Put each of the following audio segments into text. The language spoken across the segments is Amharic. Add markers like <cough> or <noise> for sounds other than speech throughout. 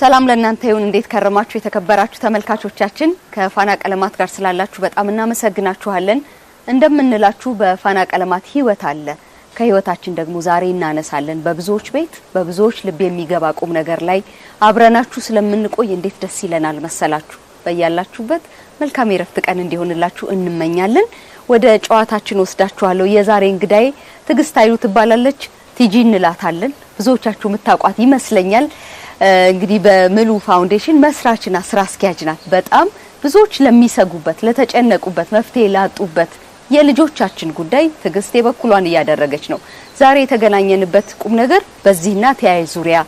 ሰላም ለእናንተ ይሁን። እንዴት ከረማችሁ? የተከበራችሁ ተመልካቾቻችን ከፋና ቀለማት ጋር ስላላችሁ በጣም እናመሰግናችኋለን። እንደምንላችሁ በፋና ቀለማት ህይወት አለ። ከህይወታችን ደግሞ ዛሬ እናነሳለን በብዙዎች ቤት በብዙዎች ልብ የሚገባ ቁም ነገር ላይ አብረናችሁ ስለምንቆይ እንዴት ደስ ይለናል መሰላችሁ። በያላችሁበት መልካም የረፍት ቀን እንዲሆንላችሁ እንመኛለን። ወደ ጨዋታችን ወስዳችኋለሁ። የዛሬ እንግዳዬ ትግስት ኃይሉ ትባላለች። ቲጂ እንላታለን። ብዙዎቻችሁ የምታውቋት ይመስለኛል። እንግዲህ በምሉ ፋውንዴሽን መስራችና ስራ አስኪያጅ ናት። በጣም ብዙዎች ለሚሰጉበት፣ ለተጨነቁበት፣ መፍትሄ ላጡበት የልጆቻችን ጉዳይ ትዕግስት የበኩሏን እያደረገች ነው። ዛሬ የተገናኘንበት ቁም ነገር በዚህና ተያያዥ ዙሪያ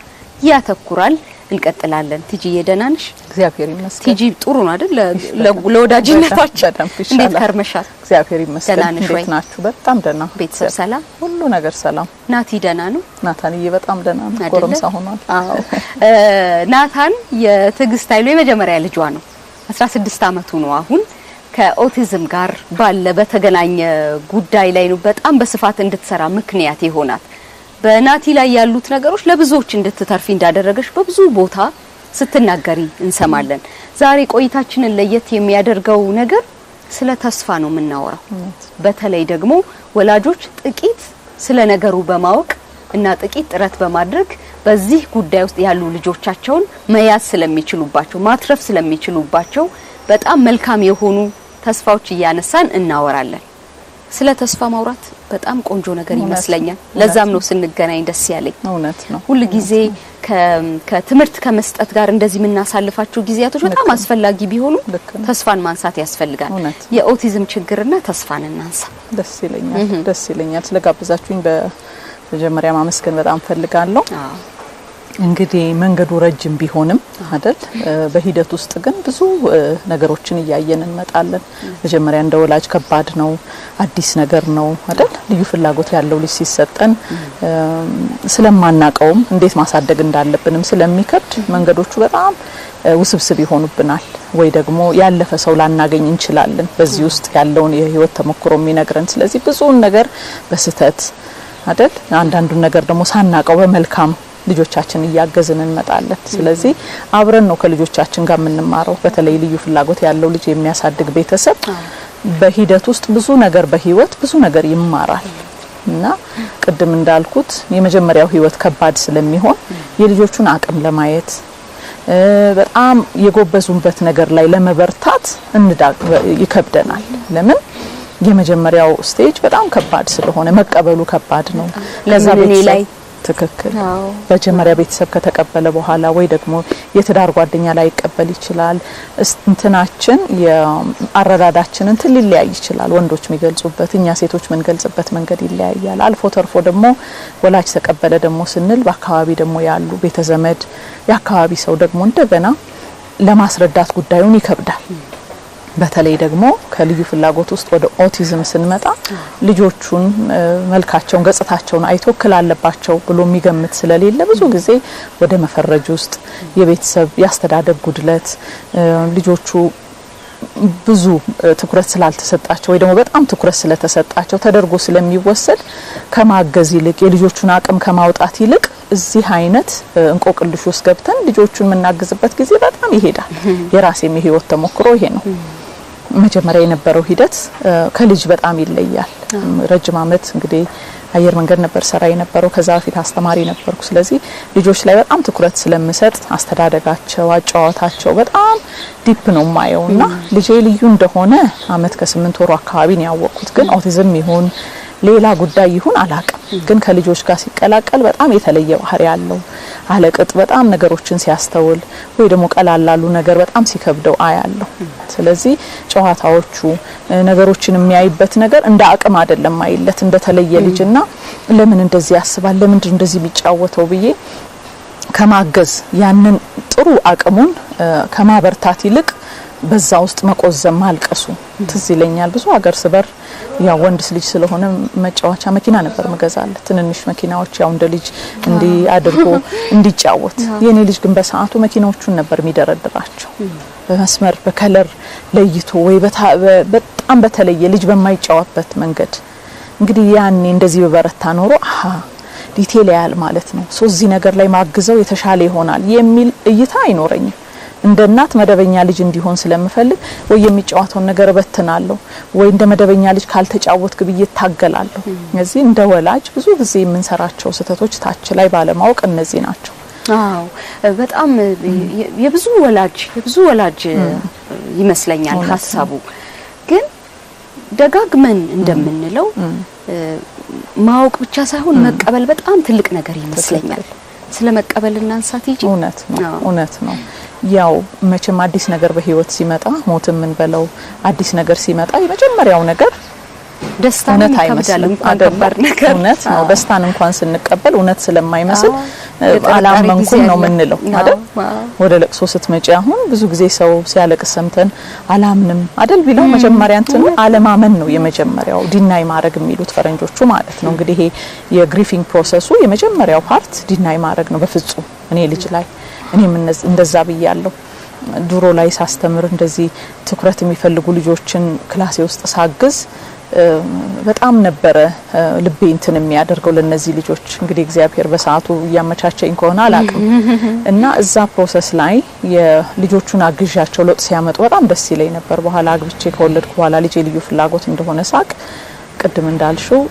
ያተኩራል። እንቀጥላለን። ትጂዬ ደህና ነሽ? እግዚአብሔር ይመስገን። ቲጂ ጥሩ ነው አይደል? ለወዳጅነታችን እንዴት ከርመሻል? እግዚአብሔር ይመስገን። እንዴት ናችሁ? በጣም ደህና። ቤተሰብ ሰላም? ሁሉ ነገር ሰላም። ናቲ ደህና ነው? ናታንዬ በጣም ደህና ነው። ጎረምሳ ሆኗል። አዎ፣ <laughs> ናታን የትዕግስት ኃይሉ የመጀመሪያ ልጇ ነው። 16 አመቱ ነው አሁን። ከኦቲዝም ጋር ባለ በተገናኘ ጉዳይ ላይ ነው በጣም በስፋት እንድትሰራ ምክንያት የሆናት። በናቲ ላይ ያሉት ነገሮች ለብዙዎች እንድትተርፊ እንዳደረገች በብዙ ቦታ ስትናገሪ እንሰማለን። ዛሬ ቆይታችንን ለየት የሚያደርገው ነገር ስለ ተስፋ ነው የምናወራው። በተለይ ደግሞ ወላጆች ጥቂት ስለ ነገሩ በማወቅ እና ጥቂት ጥረት በማድረግ በዚህ ጉዳይ ውስጥ ያሉ ልጆቻቸውን መያዝ ስለሚችሉባቸው ማትረፍ ስለሚችሉባቸው በጣም መልካም የሆኑ ተስፋዎች እያነሳን እናወራለን። ስለ ተስፋ ማውራት በጣም ቆንጆ ነገር ይመስለኛል። ለዛም ነው ስንገናኝ ደስ ያለኝ። እውነት ነው። ሁል ጊዜ ከትምህርት ከመስጠት ጋር እንደዚህ የምናሳልፋቸው ጊዜያቶች በጣም አስፈላጊ ቢሆኑ ተስፋን ማንሳት ያስፈልጋል። የኦቲዝም ችግርና ተስፋን እናንሳ። ደስ ይለኛል፣ ደስ ይለኛል። ስለጋብዛችሁኝ በመጀመሪያ ማመስገን በጣም ፈልጋለሁ። እንግዲህ መንገዱ ረጅም ቢሆንም አይደል፣ በሂደት ውስጥ ግን ብዙ ነገሮችን እያየን እንመጣለን። መጀመሪያ እንደ ወላጅ ከባድ ነው፣ አዲስ ነገር ነው አይደል። ልዩ ፍላጎት ያለው ልጅ ሲሰጠን ስለማናቀውም እንዴት ማሳደግ እንዳለብንም ስለሚከብድ መንገዶቹ በጣም ውስብስብ ይሆኑብናል። ወይ ደግሞ ያለፈ ሰው ላናገኝ እንችላለን፣ በዚህ ውስጥ ያለውን የህይወት ተሞክሮ የሚነግረን። ስለዚህ ብዙውን ነገር በስህተት አይደል፣ አንዳንዱን ነገር ደግሞ ሳናቀው በመልካም ልጆቻችን እያገዝን እንመጣለን። ስለዚህ አብረን ነው ከልጆቻችን ጋር የምንማረው። በተለይ ልዩ ፍላጎት ያለው ልጅ የሚያሳድግ ቤተሰብ በሂደት ውስጥ ብዙ ነገር በህይወት ብዙ ነገር ይማራል እና ቅድም እንዳልኩት የመጀመሪያው ህይወት ከባድ ስለሚሆን የልጆቹን አቅም ለማየት በጣም የጎበዙበት ነገር ላይ ለመበርታት ይከብደናል። ለምን? የመጀመሪያው ስቴጅ በጣም ከባድ ስለሆነ መቀበሉ ከባድ ነው። ለዛ ቤተሰብ ትክክል። መጀመሪያ ቤተሰብ ከተቀበለ በኋላ ወይ ደግሞ የትዳር ጓደኛ ላይ ይቀበል ይችላል። እንትናችን የአረዳዳችን እንትን ሊለያይ ይችላል። ወንዶች የሚገልጹበት፣ እኛ ሴቶች ምንገልጽበት መንገድ ይለያያል። አልፎ ተርፎ ደግሞ ወላጅ ተቀበለ ደግሞ ስንል በአካባቢ ደግሞ ያሉ ቤተዘመድ የአካባቢ ሰው ደግሞ እንደገና ለማስረዳት ጉዳዩን ይከብዳል። በተለይ ደግሞ ከልዩ ፍላጎት ውስጥ ወደ ኦቲዝም ስንመጣ ልጆቹን መልካቸውን፣ ገጽታቸውን አይቶ እክል አለባቸው ብሎ የሚገምት ስለሌለ ብዙ ጊዜ ወደ መፈረጅ ውስጥ የቤተሰብ ያስተዳደግ ጉድለት ልጆቹ ብዙ ትኩረት ስላልተሰጣቸው ወይ ደግሞ በጣም ትኩረት ስለተሰጣቸው ተደርጎ ስለሚወሰድ ከማገዝ ይልቅ የልጆቹን አቅም ከማውጣት ይልቅ እዚህ አይነት እንቆቅልሽ ውስጥ ገብተን ልጆቹን የምናግዝበት ጊዜ በጣም ይሄዳል። የራሴም የህይወት ተሞክሮ ይሄ ነው። መጀመሪያ የነበረው ሂደት ከልጅ በጣም ይለያል። ረጅም ዓመት እንግዲህ አየር መንገድ ነበር ሰራ የነበረው። ከዛ በፊት አስተማሪ ነበርኩ። ስለዚህ ልጆች ላይ በጣም ትኩረት ስለምሰጥ አስተዳደጋቸው፣ አጫዋታቸው በጣም ዲፕ ነው ማየው እና ልጄ ልዩ እንደሆነ አመት ከስምንት ወሩ አካባቢ ነው ያወቅኩት። ግን ኦቲዝም ይሁን ሌላ ጉዳይ ይሁን አላቅም፣ ግን ከልጆች ጋር ሲቀላቀል በጣም የተለየ ባህሪ ያለው አለቅጥ በጣም ነገሮችን ሲያስተውል ወይ ደግሞ ቀላላሉ ነገር በጣም ሲከብደው አያለሁ። ስለዚህ ጨዋታዎቹ ነገሮችን የሚያይበት ነገር እንደ አቅም አይደለም አይለት እንደተለየ ልጅና ለምን እንደዚህ ያስባል ለምንድን እንደዚህ የሚጫወተው ብዬ ከማገዝ ያንን ጥሩ አቅሙን ከማበርታት ይልቅ በዛ ውስጥ መቆዘም ማልቀሱ ትዝ ይለኛል። ብዙ ሀገር ስበር ያው ወንድስ ልጅ ስለሆነ መጫወቻ መኪና ነበር መገዛለ ትንንሽ መኪናዎች ያው እንደ ልጅ እንዲ አድርጎ እንዲጫወት። የኔ ልጅ ግን በሰዓቱ መኪናዎቹን ነበር የሚደረድራቸው በመስመር በከለር ለይቶ ወይ በጣም በተለየ ልጅ በማይጫወበት መንገድ። እንግዲህ ያኔ እንደዚህ በበረታ ኖሮ አሀ ዲቴል ያል ማለት ነው ሶ እዚህ ነገር ላይ ማግዘው የተሻለ ይሆናል የሚል እይታ አይኖረኝም። እንደ እናት መደበኛ ልጅ እንዲሆን ስለምፈልግ ወይ የሚጫወተውን ነገር እበትናለሁ ወይ እንደ መደበኛ ልጅ ካልተጫወትክ ብዬ እታገላለሁ። እነዚህ እንደ ወላጅ ብዙ ጊዜ የምንሰራቸው ስህተቶች ታች ላይ ባለማወቅ እነዚህ ናቸው። አዎ በጣም የብዙ ወላጅ የብዙ ወላጅ ይመስለኛል ሀሳቡ ግን ደጋግመን እንደምንለው ማወቅ ብቻ ሳይሆን መቀበል በጣም ትልቅ ነገር ይመስለኛል። ስለ መቀበል እናንሳት ይጂ እውነት ነው እውነት ነው። ያው መቼም አዲስ ነገር በህይወት ሲመጣ ሞት የምንበለው አዲስ ነገር ሲመጣ የመጀመሪያው ነገር ደስታን አይመስልም። እውነት ነው። ደስታን እንኳን ስንቀበል እውነት ስለማይመስል አላመንኩም ነው የምንለው አይደል? ወደ ለቅሶ ስትመጪ አሁን ብዙ ጊዜ ሰው ሲያለቅስ ሰምተን አላምንም አይደል ቢለው መጀመሪያ እንትን አለማመን ነው የመጀመሪያው፣ ዲናይ ማድረግ የሚሉት ፈረንጆቹ ማለት ነው። እንግዲህ ይሄ የግሪፊንግ ፕሮሰሱ የመጀመሪያው ፓርት ዲናይ ማድረግ ነው። በፍጹም እኔ ልጅ ላይ እኔም እንደዛ ብያለሁ። ድሮ ላይ ሳስተምር እንደዚህ ትኩረት የሚፈልጉ ልጆችን ክላሴ ውስጥ ሳግዝ በጣም ነበረ ልቤ እንትን የሚያደርገው ለነዚህ ልጆች። እንግዲህ እግዚአብሔር በሰዓቱ እያመቻቸኝ ከሆነ አላቅም እና እዛ ፕሮሰስ ላይ የልጆቹን አግዣቸው ለውጥ ሲያመጡ በጣም ደስ ይለኝ ነበር። በኋላ አግብቼ ከወለድኩ በኋላ ልጅ ልዩ ፍላጎት እንደሆነ ሳቅ ቅድም እንዳልሽው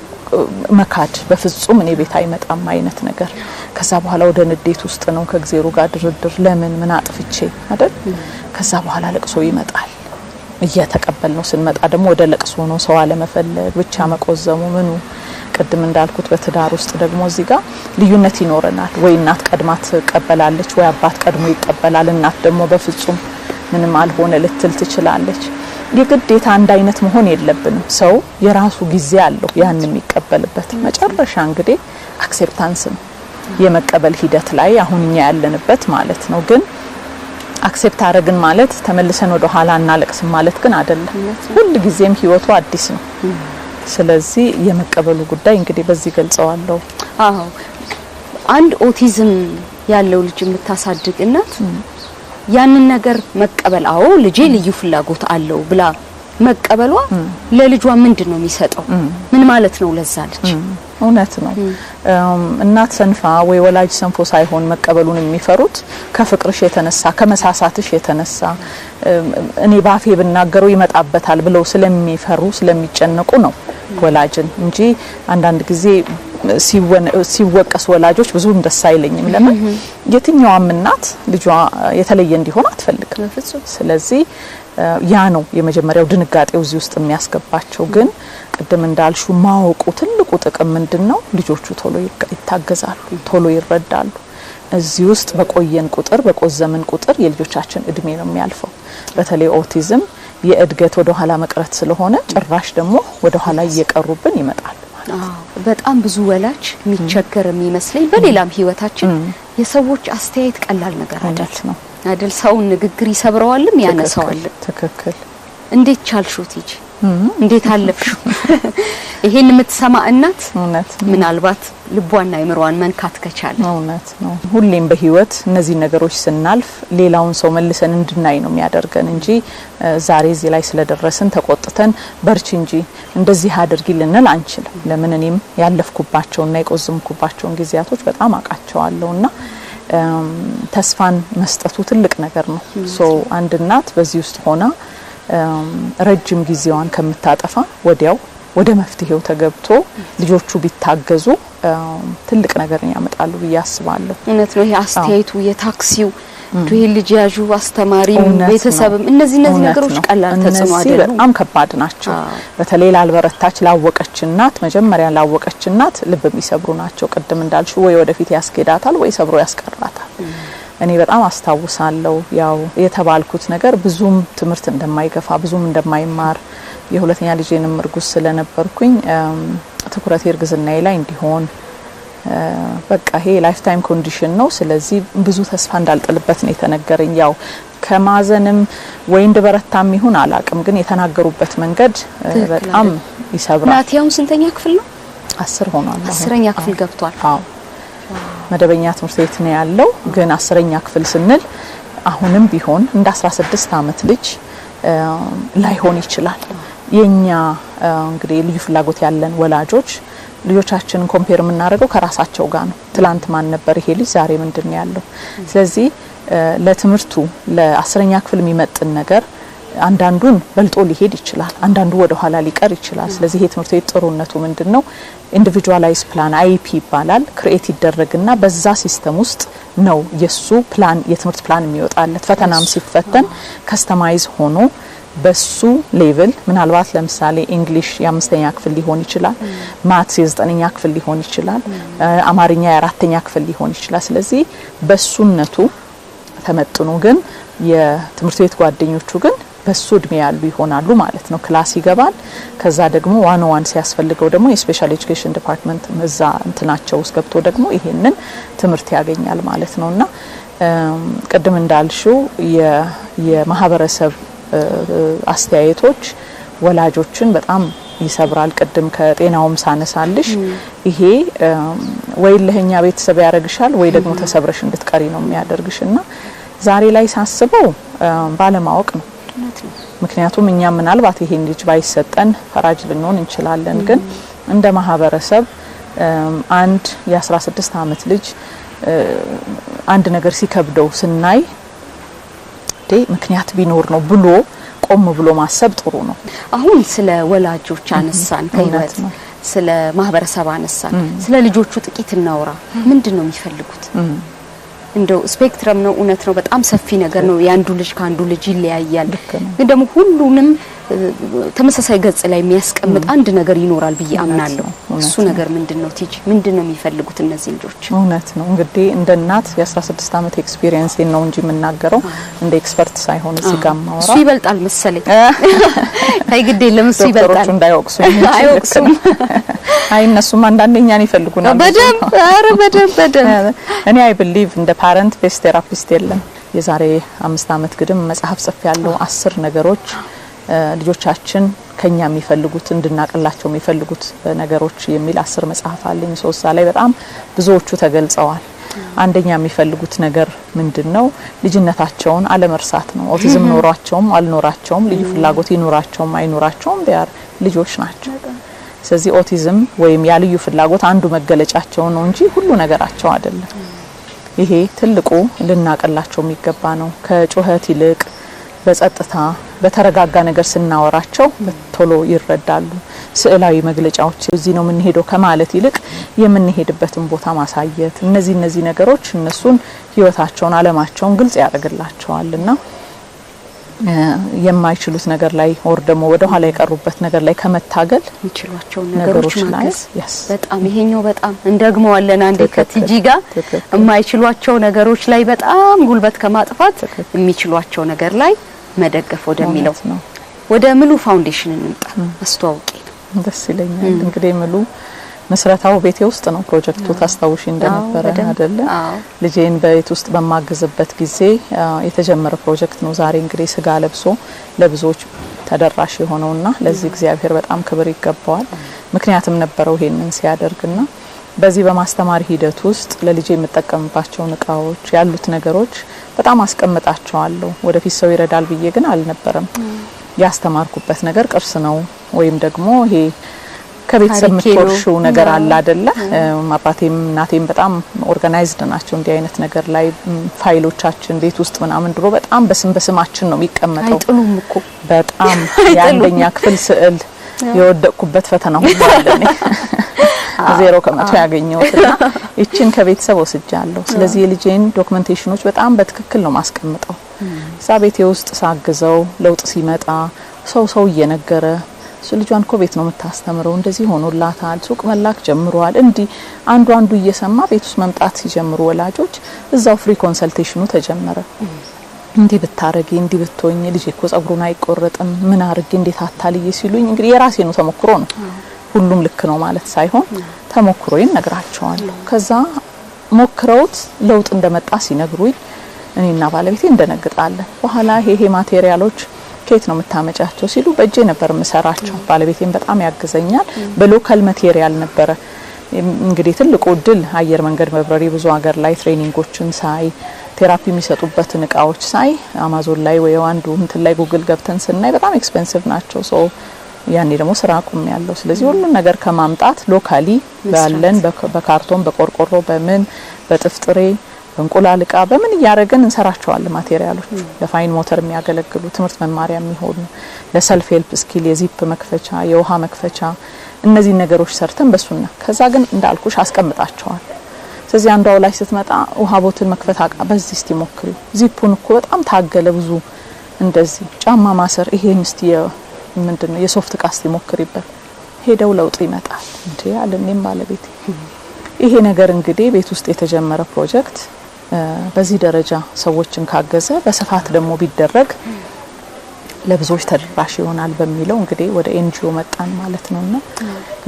መካድ በፍጹም እኔ ቤት አይመጣም አይነት ነገር። ከዛ በኋላ ወደ ንዴት ውስጥ ነው ከእግዜሩ ጋር ድርድር፣ ለምን ምን አጥፍቼ አይደል? ከዛ በኋላ ለቅሶ ይመጣል። እየተቀበል ነው ስንመጣ ደግሞ ወደ ለቅሶ ነው፣ ሰው አለመፈለግ፣ ብቻ መቆዘሙ ምኑ ቅድም እንዳልኩት በትዳር ውስጥ ደግሞ እዚህ ጋር ልዩነት ይኖረናል። ወይ እናት ቀድማ ትቀበላለች፣ ወይ አባት ቀድሞ ይቀበላል። እናት ደግሞ በፍጹም ምንም አልሆነ ልትል ትችላለች። የግዴታ አንድ አይነት መሆን የለብንም። ሰው የራሱ ጊዜ አለው ያን የሚቀበልበት። መጨረሻ እንግዲህ አክሴፕታንስ ነው የመቀበል ሂደት ላይ አሁን እኛ ያለንበት ማለት ነው። ግን አክሴፕት አረግን ማለት ተመልሰን ወደ ኋላ እናለቅስም ማለት ግን አይደለም። ሁል ጊዜም ህይወቱ አዲስ ነው። ስለዚህ የመቀበሉ ጉዳይ እንግዲህ በዚህ ገልጸዋለሁ። አዎ አንድ ኦቲዝም ያለው ልጅ የምታሳድግ እናት ያንን ነገር መቀበል አዎ ልጄ ልዩ ፍላጎት አለው ብላ መቀበሏ ለልጇ ምንድን ነው የሚሰጠው? ምን ማለት ነው ለዛ ልጅ? እውነት ነው። እናት ሰንፋ ወይ ወላጅ ሰንፎ ሳይሆን መቀበሉን የሚፈሩት ከፍቅርሽ የተነሳ ከመሳሳትሽ የተነሳ እኔ ባፌ ብናገረው ይመጣበታል ብለው ስለሚፈሩ ስለሚጨነቁ ነው ወላጅን እንጂ አንዳንድ ጊዜ ሲወቀሱ ወላጆች ብዙም ደስ አይለኝም። ለምን የትኛዋም እናት ልጇ የተለየ እንዲሆን አትፈልግም። ስለዚህ ያ ነው የመጀመሪያው ድንጋጤው እዚህ ውስጥ የሚያስገባቸው። ግን ቅድም እንዳልሹ ማወቁ ትልቁ ጥቅም ምንድን ነው? ልጆቹ ቶሎ ይታገዛሉ፣ ቶሎ ይረዳሉ። እዚህ ውስጥ በቆየን ቁጥር በቆዘምን ቁጥር የልጆቻችን እድሜ ነው የሚያልፈው። በተለይ ኦቲዝም የእድገት ወደ ኋላ መቅረት ስለሆነ ጭራሽ ደግሞ ወደ ኋላ እየቀሩብን ይመጣል። በጣም ብዙ ወላጅ የሚቸገር የሚመስለኝ በሌላም ህይወታችን የሰዎች አስተያየት ቀላል ነገር አይደል ነው አይደል ሰውን ንግግር ይሰብረዋልም ያነሰዋል ትክክል እንዴት ቻልሹት ቲጂ እንዴት አለፍሽ? ይሄን የምትሰማ እናት ምናልባት ልቧና አይምሮዋን መንካት ከቻለ እውነት ነው። ሁሌም በህይወት እነዚህ ነገሮች ስናልፍ ሌላውን ሰው መልሰን እንድናይ ነው የሚያደርገን እንጂ ዛሬ እዚህ ላይ ስለደረስን ተቆጥተን በርች እንጂ እንደዚህ አድርጊ ልንል አንችልም። ለምን እኔም ያለፍኩባቸውና የቆዝምኩባቸውን ጊዜያቶች በጣም አውቃቸዋለሁና ተስፋን መስጠቱ ትልቅ ነገር ነው። ሶ አንድ እናት በዚህ ውስጥ ሆና ረጅም ጊዜዋን ከምታጠፋ ወዲያው ወደ መፍትሄው ተገብቶ ልጆቹ ቢታገዙ ትልቅ ነገር ያመጣሉ ብዬ አስባለሁ። እውነት ነው። ይሄ አስተያየቱ የታክሲው ይሄ ልጅ ያዡ አስተማሪም፣ ቤተሰብም እነዚህ እነዚህ ነገሮች ቀላል ተጽዕኖ አይደሉም፣ በጣም ከባድ ናቸው። በተለይ ላልበረታች ላወቀች እናት መጀመሪያ ላወቀች እናት ልብ የሚሰብሩ ናቸው። ቅድም እንዳልሽ ወይ ወደፊት ያስኬዳታል ወይ ሰብሮ ያስቀራታል። እኔ በጣም አስታውሳለሁ። ያው የተባልኩት ነገር ብዙም ትምህርት እንደማይገፋ ብዙም እንደማይማር የሁለተኛ ልጄንም እርጉዝ ስለነበርኩኝ ትኩረት እርግዝናዬ ላይ እንዲሆን በቃ ይሄ ላይፍ ታይም ኮንዲሽን ነው። ስለዚህ ብዙ ተስፋ እንዳልጥልበት ነው የተነገረኝ። ያው ከማዘንም ወይ እንድበረታም ይሁን አላቅም፣ ግን የተናገሩበት መንገድ በጣም ይሰብራል። ናቲያውን ስንተኛ ክፍል ነው? አስር ሆኗል። አስረኛ ክፍል ገብቷል። አዎ መደበኛ ትምህርት ቤት ነው ያለው። ግን አስረኛ ክፍል ስንል አሁንም ቢሆን እንደ 16 ዓመት ልጅ ላይሆን ይችላል። የኛ እንግዲህ ልዩ ፍላጎት ያለን ወላጆች ልጆቻችንን ኮምፔር የምናደርገው ከራሳቸው ጋር ነው። ትላንት ማን ነበር ይሄ ልጅ ዛሬ ምንድን ነው ያለው? ስለዚህ ለትምህርቱ ለአስረኛ ክፍል የሚመጥን ነገር አንዳንዱን በልጦ ሊሄድ ይችላል፣ አንዳንዱ ወደ ኋላ ሊቀር ይችላል። ስለዚህ ይሄ ትምህርት ቤት ጥሩነቱ ምንድን ነው? ኢንዲቪጁዋላይዝ ፕላን አይፒ ይባላል። ክሬኤት ይደረግና በዛ ሲስተም ውስጥ ነው የሱ ፕላን የትምህርት ፕላን የሚወጣለት። ፈተናም ሲፈተን ከስተማይዝ ሆኖ በሱ ሌቭል ምናልባት ለምሳሌ እንግሊሽ የአምስተኛ ክፍል ሊሆን ይችላል፣ ማትስ የዘጠነኛ ክፍል ሊሆን ይችላል፣ አማርኛ የአራተኛ ክፍል ሊሆን ይችላል። ስለዚህ በሱነቱ ተመጥኖ ግን የትምህርት ቤት ጓደኞቹ ግን በሱ እድሜ ያሉ ይሆናሉ ማለት ነው። ክላስ ይገባል። ከዛ ደግሞ ዋን ዋን ሲያስፈልገው ደግሞ የስፔሻል ኤጁኬሽን ዲፓርትመንት እዛ እንትናቸው ውስጥ ገብቶ ደግሞ ይሄንን ትምህርት ያገኛል ማለት ነው እና ቅድም እንዳልሽው የማህበረሰብ አስተያየቶች ወላጆችን በጣም ይሰብራል። ቅድም ከጤናውም ሳነሳልሽ ይሄ ወይ ለህኛ ቤተሰብ ያደርግሻል ወይ ደግሞ ተሰብረሽ እንድትቀሪ ነው የሚያደርግሽ እና ዛሬ ላይ ሳስበው ባለማወቅ ነው ምክንያት ነው። ምክንያቱም እኛ ምናልባት ይሄን ልጅ ባይሰጠን ፈራጅ ልንሆን እንችላለን። ግን እንደ ማህበረሰብ አንድ የ16 ዓመት ልጅ አንድ ነገር ሲከብደው ስናይ ምክንያት ቢኖር ነው ብሎ ቆም ብሎ ማሰብ ጥሩ ነው። አሁን ስለ ወላጆች አነሳን ከህይወት ስለ ማህበረሰብ አነሳን። ስለ ልጆቹ ጥቂት እናውራ። ምንድን ነው የሚፈልጉት? እንደው ስፔክትረም ነው። እውነት ነው፣ በጣም ሰፊ ነገር ነው። የአንዱ ልጅ ከአንዱ ልጅ ይለያያል። ግን ደግሞ ሁሉንም ተመሳሳይ ገጽ ላይ የሚያስቀምጥ አንድ ነገር ይኖራል ብዬ አምናለሁ። እሱ ነገር ምንድን ነው ቲጂ ምንድን ነው የሚፈልጉት እነዚህ ልጆች? እውነት ነው እንግዲህ እንደ እናት የ16 ዓመት ኤክስፒሪየንስ ነው እንጂ የምናገረው እንደ ኤክስፐርት ሳይሆን እዚህ ጋር ማወራ እሱ ይበልጣል መሰለኝ። <laughs> አይ ግዴ ለምሱ ይበልጣል። እንዳይወቅሱ አይወቅሱም። <laughs> አይ እነሱም አንዳንዴ እኛን ይፈልጉናል በደንብ አረ በደንብ በደንብ። እኔ አይ ብሊቭ እንደ ፓረንት ቤስት ቴራፒስት የለም። የዛሬ አምስት ዓመት ግድም መጽሐፍ ጽፌያለሁ አስር ነገሮች ልጆቻችን ከኛ የሚፈልጉት እንድናቅላቸው የሚፈልጉት ነገሮች የሚል አስር መጽሐፍ አለኝ። ሶስት ላይ በጣም ብዙዎቹ ተገልጸዋል። አንደኛ የሚፈልጉት ነገር ምንድን ነው? ልጅነታቸውን አለመርሳት ነው። ኦቲዝም ኖሯቸውም አልኖራቸውም ልዩ ፍላጎት ይኖራቸውም አይኖራቸውም ቢያር ልጆች ናቸው። ስለዚህ ኦቲዝም ወይም ያ ልዩ ፍላጎት አንዱ መገለጫቸው ነው እንጂ ሁሉ ነገራቸው አይደለም። ይሄ ትልቁ ልናቀላቸው የሚገባ ነው። ከጩኸት ይልቅ በጸጥታ በተረጋጋ ነገር ስናወራቸው ቶሎ ይረዳሉ። ስዕላዊ መግለጫዎች እዚህ ነው የምንሄደው ከማለት ይልቅ የምንሄድበትን ቦታ ማሳየት፣ እነዚህ እነዚህ ነገሮች እነሱን ህይወታቸውን፣ አለማቸውን ግልጽ ያደርግላቸዋል እና የማይችሉት ነገር ላይ ወር ደግሞ ወደ ኋላ የቀሩበት ነገር ላይ ከመታገል የሚችሏቸውን ነገሮች ማገዝ በጣም ይሄኛው በጣም እንደግመዋለን። አንዴ ከቲጂ ጋር የማይችሏቸው ነገሮች ላይ በጣም ጉልበት ከማጥፋት የሚችሏቸው ነገር ላይ መደገፍ ወደሚለው ወደ ምሉ ፋውንዴሽን እንምጣ። አስተዋውቂ ደስ ይለኛል። እንግዲህ ምሉ ምስረታው ቤቴ ውስጥ ነው። ፕሮጀክቱ ታስታውሺ እንደነበረ አይደለ? ልጄን በቤት ውስጥ በማግዝበት ጊዜ የተጀመረ ፕሮጀክት ነው። ዛሬ እንግዲህ ስጋ ለብሶ ለብዙዎች ተደራሽ የሆነውና ለዚህ እግዚአብሔር በጣም ክብር ይገባዋል። ምክንያትም ነበረው ይሄንን ሲያደርግና በዚህ በማስተማር ሂደት ውስጥ ለልጄ የምጠቀምባቸውን እቃዎች ያሉት ነገሮች በጣም አስቀምጣቸዋለሁ። ወደፊት ሰው ይረዳል ብዬ ግን አልነበረም። ያስተማርኩበት ነገር ቅርስ ነው ወይም ደግሞ ይሄ ከቤተሰብ የምትወርሽው ነገር አለ አደለ? አባቴም እናቴም በጣም ኦርጋናይዝድ ናቸው እንዲህ አይነት ነገር ላይ ፋይሎቻችን ቤት ውስጥ ምናምን ድሮ በጣም በስም በስማችን ነው የሚቀመጠው። አይጥሉም እኮ በጣም የአንደኛ ክፍል ስዕል የወደቅኩበት ፈተና ሁሉ አለ። <laughs> ዜሮ ከመቶ ያገኘሁትና ይችን ከቤተሰብ ወስጃለሁ። ስለዚህ የልጄን ዶክመንቴሽኖች በጣም በትክክል ነው ማስቀምጠው። እዛ ቤቴ ውስጥ ሳግዘው ለውጥ ሲመጣ ሰው ሰው እየነገረ ልጇን እኮ ቤት ነው የምታስተምረው፣ እንደዚህ ሆኖላታል፣ ሱቅ መላክ ጀምሯል። እንዲህ አንዱ አንዱ እየሰማ ቤት ውስጥ መምጣት ሲጀምሩ ወላጆች እዛው ፍሪ ኮንሰልቴሽኑ ተጀመረ። እንዲህ ብታረጊ፣ እንዲህ ብትሆኝ፣ ልጄ እኮ ጸጉሩን አይቆረጥም፣ ምን አርጊ፣ እንዴት አታልዬ ሲሉኝ እንግዲህ የራሴ ነው ተሞክሮ ነው ሁሉም ልክ ነው ማለት ሳይሆን ተሞክሮዬን እነግራቸዋለሁ። ከዛ ሞክረውት ለውጥ እንደመጣ ሲነግሩኝ እኔና ባለቤቴ እንደነግጣለን። በኋላ ይሄ ማቴሪያሎች ከየት ነው የምታመጫቸው ሲሉ በእጄ ነበር የምሰራቸው። ባለቤቴን በጣም ያግዘኛል። በሎካል ማቴሪያል ነበረ እንግዲህ ትልቁ እድል አየር መንገድ መብረሪ ብዙ ሀገር ላይ ትሬኒንጎችን ሳይ ቴራፒ የሚሰጡበትን እቃዎች ሳይ አማዞን ላይ ወይ አንዱ እንትን ላይ ጉግል ገብተን ስናይ በጣም ኤክስፔንሲቭ ናቸው። ሶ ያኔ ደግሞ ስራ አቁም ያለው። ስለዚህ ሁሉን ነገር ከማምጣት ሎካሊ ባለን በካርቶን፣ በቆርቆሮ፣ በምን በጥፍጥሬ እንቁላል እቃ በምን እያደረግን እንሰራቸዋለን። ማቴሪያሎች ለፋይን ሞተር የሚያገለግሉ ትምህርት መማሪያ የሚሆኑ ለሰልፍ ሄልፕ ስኪል የዚፕ መክፈቻ፣ የውሃ መክፈቻ እነዚህ ነገሮች ሰርተን በሱና ከዛ ግን እንዳልኩሽ አስቀምጣቸዋል። ስለዚህ አንዷው ላይ ስትመጣ ውሃ ቦትን መክፈት አቃ በዚህ እስቲ ሞክሪ ዚፑን እኮ በጣም ታገለ ብዙ እንደዚህ ጫማ ማሰር ይሄን እስቲ ምንድን ነው የሶፍት ቃስ ይሞክሪበት ሄደው ለውጥ ይመጣል እንጂ አለ እኔም ባለቤት። ይሄ ነገር እንግዲህ ቤት ውስጥ የተጀመረ ፕሮጀክት በዚህ ደረጃ ሰዎችን ካገዘ በስፋት ደግሞ ቢደረግ ለብዙዎች ተደራሽ ይሆናል በሚለው እንግዲህ ወደ ኤንጂኦ መጣን ማለት ነውና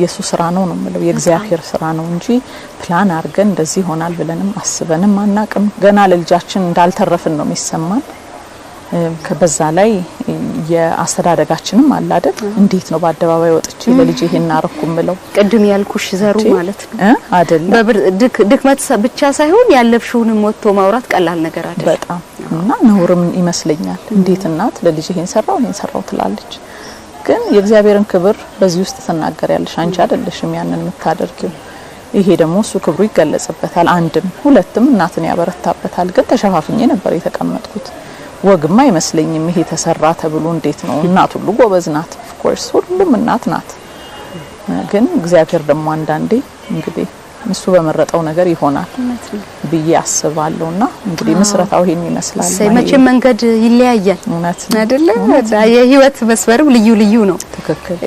የእሱ ስራ ነው ነው የምለው የእግዚአብሔር ስራ ነው እንጂ ፕላን አድርገን እንደዚህ ይሆናል ብለንም አስበንም አናቅም። ገና ለልጃችን እንዳልተረፍን ነው የሚሰማን። በዛ ላይ የአስተዳደጋችንም አለ እንዴት ነው በአደባባይ ወጥቼ ለልጅ ይሄን አረኩ ምለው ቅድም ያልኩሽ ዘሩ ማለት ነው አይደል? ድክመት ብቻ ሳይሆን ያለፍሽውንም ወጥቶ ማውራት ቀላል ነገር አይደለም በጣም እና ነውርም ይመስለኛል። እንዴት እናት ለልጅ ይሄን ሰራው ይሄን ሰራው ትላለች። ግን የእግዚአብሔርን ክብር በዚህ ውስጥ ያለሽ አንቺ አይደለሽም ያንን የምታደርጊው። ይሄ ደግሞ እሱ ክብሩ ይገለጽበታል። አንድም ሁለትም እናትን ያበረታበታል። ግን ተሸፋፍኜ ነበር የተቀመጥኩት። ወግማ አይመስለኝም። ይሄ ተሰራ ተብሎ እንዴት ነው? እናት ሁሉ ጎበዝ ናት። ኦፍኮርስ ሁሉም እናት ናት። ግን እግዚአብሔር ደግሞ አንዳንዴ እንግዲህ እሱ በመረጠው ነገር ይሆናል ብዬ አስባለሁና እንግዲህ ምስረታው ይሄን ይመስላል። መቼም መንገድ ይለያያል አይደለ? የህይወት መስመሩ ልዩ ልዩ ነው። ትክክል።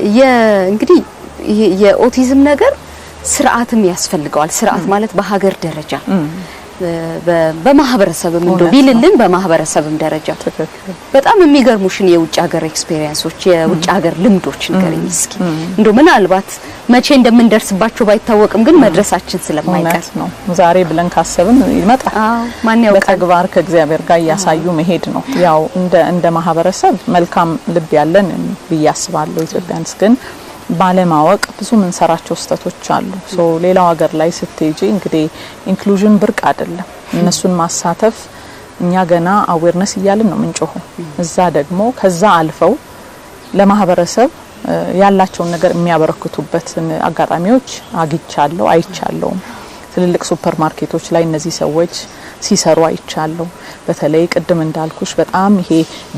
እንግዲህ የኦቲዝም ነገር ስርዓትም ያስፈልገዋል። ስርዓት ማለት በሀገር ደረጃ በማህበረሰብም እንደ ቢልልን በማህበረሰብም ደረጃ በጣም የሚገርሙሽን የውጭ ሀገር ኤክስፔሪየንሶች የውጭ ሀገር ልምዶች ንገረኝ እስኪ። እንዶ ምናልባት መቼ እንደምንደርስባቸው ባይታወቅም ግን መድረሳችን ስለማይቀር ነው። ዛሬ ብለን ካሰብን ይመጣል። ማን ያውቃል። በተግባር ከእግዚአብሔር ጋር እያሳዩ መሄድ ነው። ያው እንደ እንደ ማህበረሰብ መልካም ልብ ያለን ብዬ አስባለሁ። ኢትዮጵያንስ ግን ባለማወቅ ብዙ የምንሰራቸው ስህተቶች አሉ። ሶ ሌላው ሀገር ላይ ስትሄጂ እንግዲህ ኢንክሉዥን ብርቅ አይደለም። እነሱን ማሳተፍ እኛ ገና አዌርነስ እያልን ነው ምንጮኸው። እዛ ደግሞ ከዛ አልፈው ለማህበረሰብ ያላቸውን ነገር የሚያበረክቱበትን አጋጣሚዎች አግኝቻለሁ አይቻለውም። ትልልቅ ሱፐር ማርኬቶች ላይ እነዚህ ሰዎች ሲሰሩ አይቻለሁ። በተለይ ቅድም እንዳልኩሽ በጣም ይሄ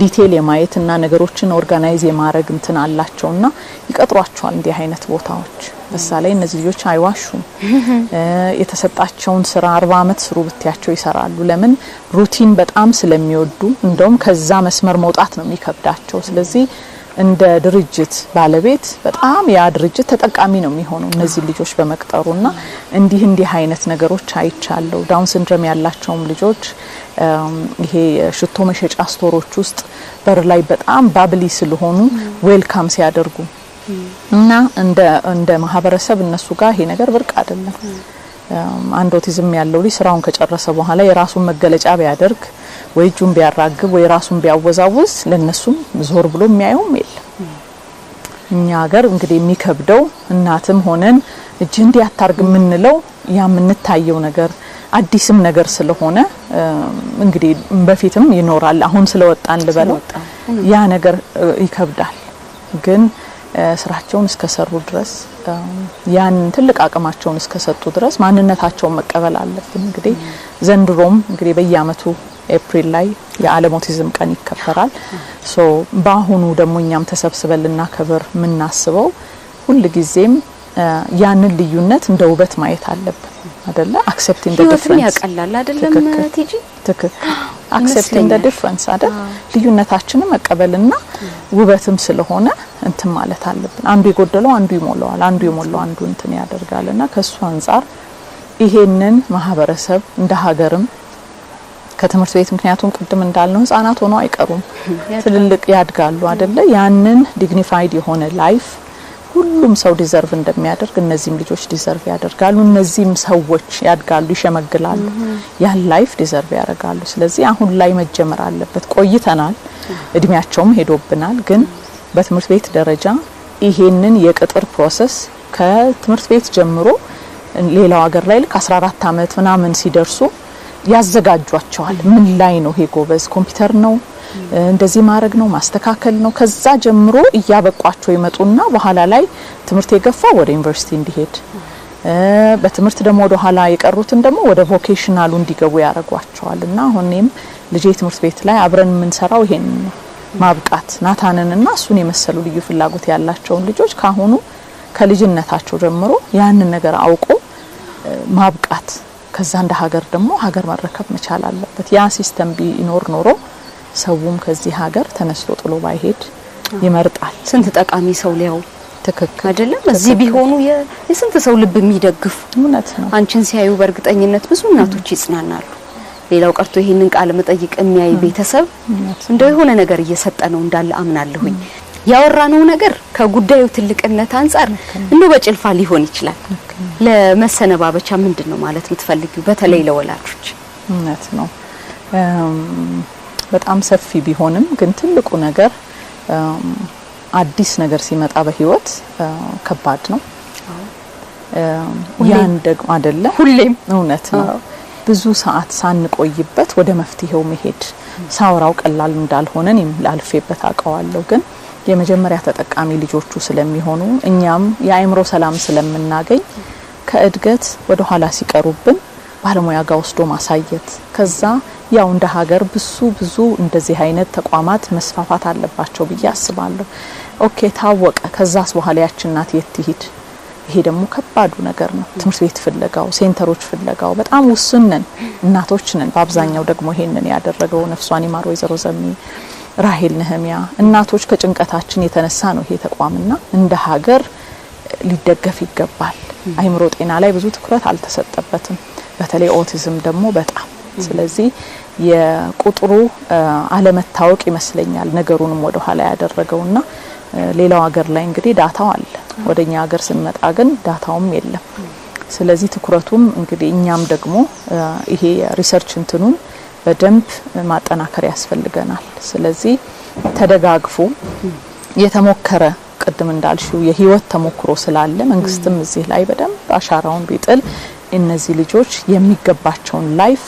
ዲቴል የማየት እና ነገሮችን ኦርጋናይዝ የማድረግ እንትን አላቸው እና ይቀጥሯቸዋል እንዲህ አይነት ቦታዎች። በዛ ላይ እነዚህ ልጆች አይዋሹም። <laughs> የተሰጣቸውን ስራ አርባ አመት ስሩ ብትያቸው ይሰራሉ። ለምን ሩቲን በጣም ስለሚወዱ እንደውም ከዛ መስመር መውጣት ነው የሚከብዳቸው። ስለዚህ እንደ ድርጅት ባለቤት በጣም ያ ድርጅት ተጠቃሚ ነው የሚሆነው እነዚህ ልጆች በመቅጠሩና እንዲህ እንዲህ አይነት ነገሮች አይቻለሁ። ዳውን ሲንድሮም ያላቸውም ልጆች ይሄ ሽቶ መሸጫ ስቶሮች ውስጥ በር ላይ በጣም ባብሊ ስለሆኑ ዌልካም ሲያደርጉ እና እንደ እንደ ማህበረሰብ እነሱ ጋር ይሄ ነገር ብርቅ አይደለም። አንድ ኦቲዝም ያለው ልጅ ስራውን ከጨረሰ በኋላ የራሱን መገለጫ ቢያደርግ ወይ እጁን ቢያራግብ ወይ ራሱን ቢያወዛውዝ ለነሱም ዞር ብሎ የሚያየውም የለም። እኛ ሀገር እንግዲህ የሚከብደው እናትም ሆነን እጅ እንዲህ አታርግ የምንለው ያ የምንታየው ነገር አዲስም ነገር ስለሆነ እንግዲህ በፊትም ይኖራል። አሁን ስለወጣን ልበለው ያ ነገር ይከብዳል። ግን ስራቸውን እስከሰሩ ድረስ ያን ትልቅ አቅማቸውን እስከሰጡ ድረስ ማንነታቸውን መቀበል አለብን። እንግዲህ ዘንድሮም እንግዲህ በየአመቱ ኤፕሪል ላይ የዓለም ኦቲዝም ቀን ይከበራል። ሶ በአሁኑ ደግሞ እኛም ተሰብስበን ልናከብር የምናስበው ሁል ጊዜም ያንን ልዩነት እንደ ውበት ማየት አለብን አደለ? አክሴፕቲንግ ዘ ዲፍረንስ ያቀላል አደለም? ቲጂ ትክክል። አክሴፕቲንግ ዘ ዲፍረንስ አይደል? ልዩነታችንን መቀበልና ውበትም ስለሆነ እንትን ማለት አለብን። አንዱ የጎደለው አንዱ ይሞላዋል፣ አንዱ የሞላው አንዱ እንትን ያደርጋልና ከሱ አንጻር ይሄንን ማህበረሰብ እንደ ሀገርም ከትምህርት ቤት ምክንያቱም ቅድም እንዳልነው ህጻናት ሆነው አይቀሩም፣ ትልልቅ ያድጋሉ አደለ? ያንን ዲግኒፋይድ የሆነ ላይፍ ሁሉም ሰው ዲዘርቭ እንደሚያደርግ እነዚህም ልጆች ዲዘርቭ ያደርጋሉ። እነዚህም ሰዎች ያድጋሉ፣ ይሸመግላሉ፣ ያን ላይፍ ዲዘርቭ ያደርጋሉ። ስለዚህ አሁን ላይ መጀመር አለበት። ቆይተናል፣ እድሜያቸውም ሄዶብናል። ግን በትምህርት ቤት ደረጃ ይሄንን የቅጥር ፕሮሰስ ከትምህርት ቤት ጀምሮ ሌላው ሀገር ላይ ልክ 14 ዓመት ምናምን ሲደርሱ ያዘጋጇቸዋል። ምን ላይ ነው ይሄ ጎበዝ፣ ኮምፒውተር ነው እንደዚህ ማድረግ ነው ማስተካከል ነው። ከዛ ጀምሮ እያበቋቸው ይመጡና በኋላ ላይ ትምህርት የገፋ ወደ ዩኒቨርሲቲ እንዲሄድ በትምህርት ደግሞ ወደ ኋላ የቀሩትን ደግሞ ወደ ቮኬሽናሉ እንዲገቡ ያደርጓቸዋል። እና አሁን እኔም ልጄ ትምህርት ቤት ላይ አብረን የምንሰራው ይሄን ማብቃት ናታንንና እሱን የመሰሉ ልዩ ፍላጎት ያላቸውን ልጆች ካሁኑ ከልጅነታቸው ጀምሮ ያንን ነገር አውቆ ማብቃት ከዛ እንደ ሀገር ደግሞ ሀገር መረከብ መቻል አለበት። ያ ሲስተም ቢኖር ኖሮ ሰውም ከዚህ ሀገር ተነስቶ ጥሎ ባይሄድ ይመርጣል። ስንት ጠቃሚ ሰው ሊያው ትክክል አይደለም። እዚህ ቢሆኑ የስንት ሰው ልብ የሚደግፍ እውነት ነው። አንቺን ሲያዩ በእርግጠኝነት ብዙ እናቶች ይጽናናሉ። ሌላው ቀርቶ ይህንን ቃለ መጠይቅ የሚያይ ቤተሰብ እንደው የሆነ ነገር እየሰጠ ነው እንዳለ አምናለሁኝ። ያወራነው ነገር ከጉዳዩ ትልቅነት አንጻር እንደው በጭልፋ ሊሆን ይችላል። ለመሰነባበቻ ምንድን ነው ማለት የምትፈልጊው? በተለይ ለወላጆች እውነት ነው በጣም ሰፊ ቢሆንም ግን ትልቁ ነገር አዲስ ነገር ሲመጣ በህይወት ከባድ ነው። ያን ደግሞ አይደለ ሁሌም እውነት ነው። ብዙ ሰዓት ሳንቆይበት ወደ መፍትሄው መሄድ ሳውራው ቀላል እንዳልሆነን ላልፌበት አውቀዋለሁ ግን የመጀመሪያ ተጠቃሚ ልጆቹ ስለሚሆኑ እኛም የአእምሮ ሰላም ስለምናገኝ ከእድገት ወደ ኋላ ሲቀሩብን ባለሙያ ጋር ወስዶ ማሳየት ከዛ ያው እንደ ሀገር ብሱ ብዙ እንደዚህ አይነት ተቋማት መስፋፋት አለባቸው ብዬ አስባለሁ። ኦኬ ታወቀ። ከዛስ በኋላ ያች እናት የት ትሂድ? ይሄ ደግሞ ከባዱ ነገር ነው። ትምህርት ቤት ፍለጋው፣ ሴንተሮች ፍለጋው በጣም ውስን ነን፣ እናቶች ነን። በአብዛኛው ደግሞ ይሄንን ያደረገው ነፍሷን ይማር ወይዘሮ ዘሚ ራሄል ነህሚያ እናቶች ከጭንቀታችን የተነሳ ነው ይሄ ተቋምና እንደ ሀገር ሊደገፍ ይገባል። አይምሮ ጤና ላይ ብዙ ትኩረት አልተሰጠበትም፣ በተለይ ኦቲዝም ደግሞ በጣም ስለዚህ የቁጥሩ አለመታወቅ ይመስለኛል ነገሩንም ወደ ኋላ ያደረገውና ሌላው ሀገር ላይ እንግዲህ ዳታው አለ፣ ወደኛ ሀገር ስንመጣ ግን ዳታውም የለም። ስለዚህ ትኩረቱም እንግዲህ እኛም ደግሞ ይሄ ሪሰርች እንትኑን በደንብ ማጠናከር ያስፈልገናል። ስለዚህ ተደጋግፎ የተሞከረ ቅድም እንዳልሽው የህይወት ተሞክሮ ስላለ መንግስትም እዚህ ላይ በደንብ አሻራውን ቢጥል እነዚህ ልጆች የሚገባቸውን ላይፍ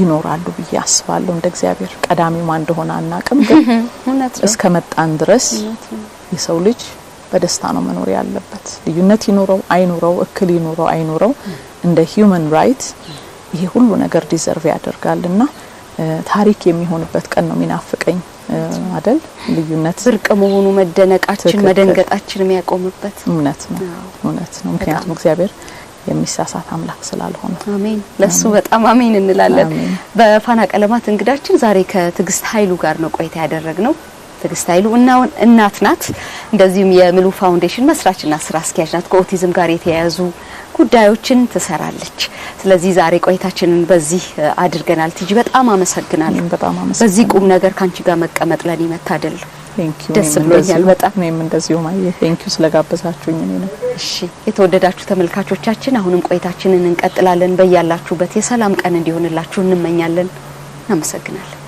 ይኖራሉ ብዬ አስባለሁ። እንደ እግዚአብሔር ቀዳሚው ማን እንደሆነ አናቅም፣ ግን እስከ መጣን ድረስ የሰው ልጅ በደስታ ነው መኖር ያለበት። ልዩነት ይኖረው አይኖረው፣ እክል ይኖረው አይኖረው፣ እንደ ሂዩመን ራይት ይሄ ሁሉ ነገር ዲዘርቭ ያደርጋል እና ታሪክ የሚሆንበት ቀን ነው የሚናፍቀኝ አደል ልዩነት ብርቅ መሆኑ መደነቃችን መደንገጣችን የሚያቆምበት እምነት ነው እውነት ነው ምክንያቱም እግዚአብሔር የሚሳሳት አምላክ ስላልሆነ አሜን ለሱ በጣም አሜን እንላለን በፋና ቀለማት እንግዳችን ዛሬ ከትግስት ኃይሉ ጋር ነው ቆይታ ያደረግነው ትግስት ኃይሉ እናት ናት እንደዚሁም የምሉ ፋውንዴሽን መስራችና ስራ አስኪያጅ ናት ከኦቲዝም ጋር የተያያዙ ጉዳዮችን ትሰራለች። ስለዚህ ዛሬ ቆይታችንን በዚህ አድርገናል። ትጂ በጣም አመሰግናለሁ። በዚህ ቁም ነገር ካንቺ ጋር መቀመጥ ለኔ መታደል ደስ ብሎኛል። በጣም እኔም እንደዚሁ ማየ ቴንኪዩ ስለጋበዛችሁኝ እኔ ነው። እሺ የተወደዳችሁ ተመልካቾቻችን አሁንም ቆይታችንን እንቀጥላለን። በያላችሁበት የሰላም ቀን እንዲሆንላችሁ እንመኛለን። እናመሰግናለን።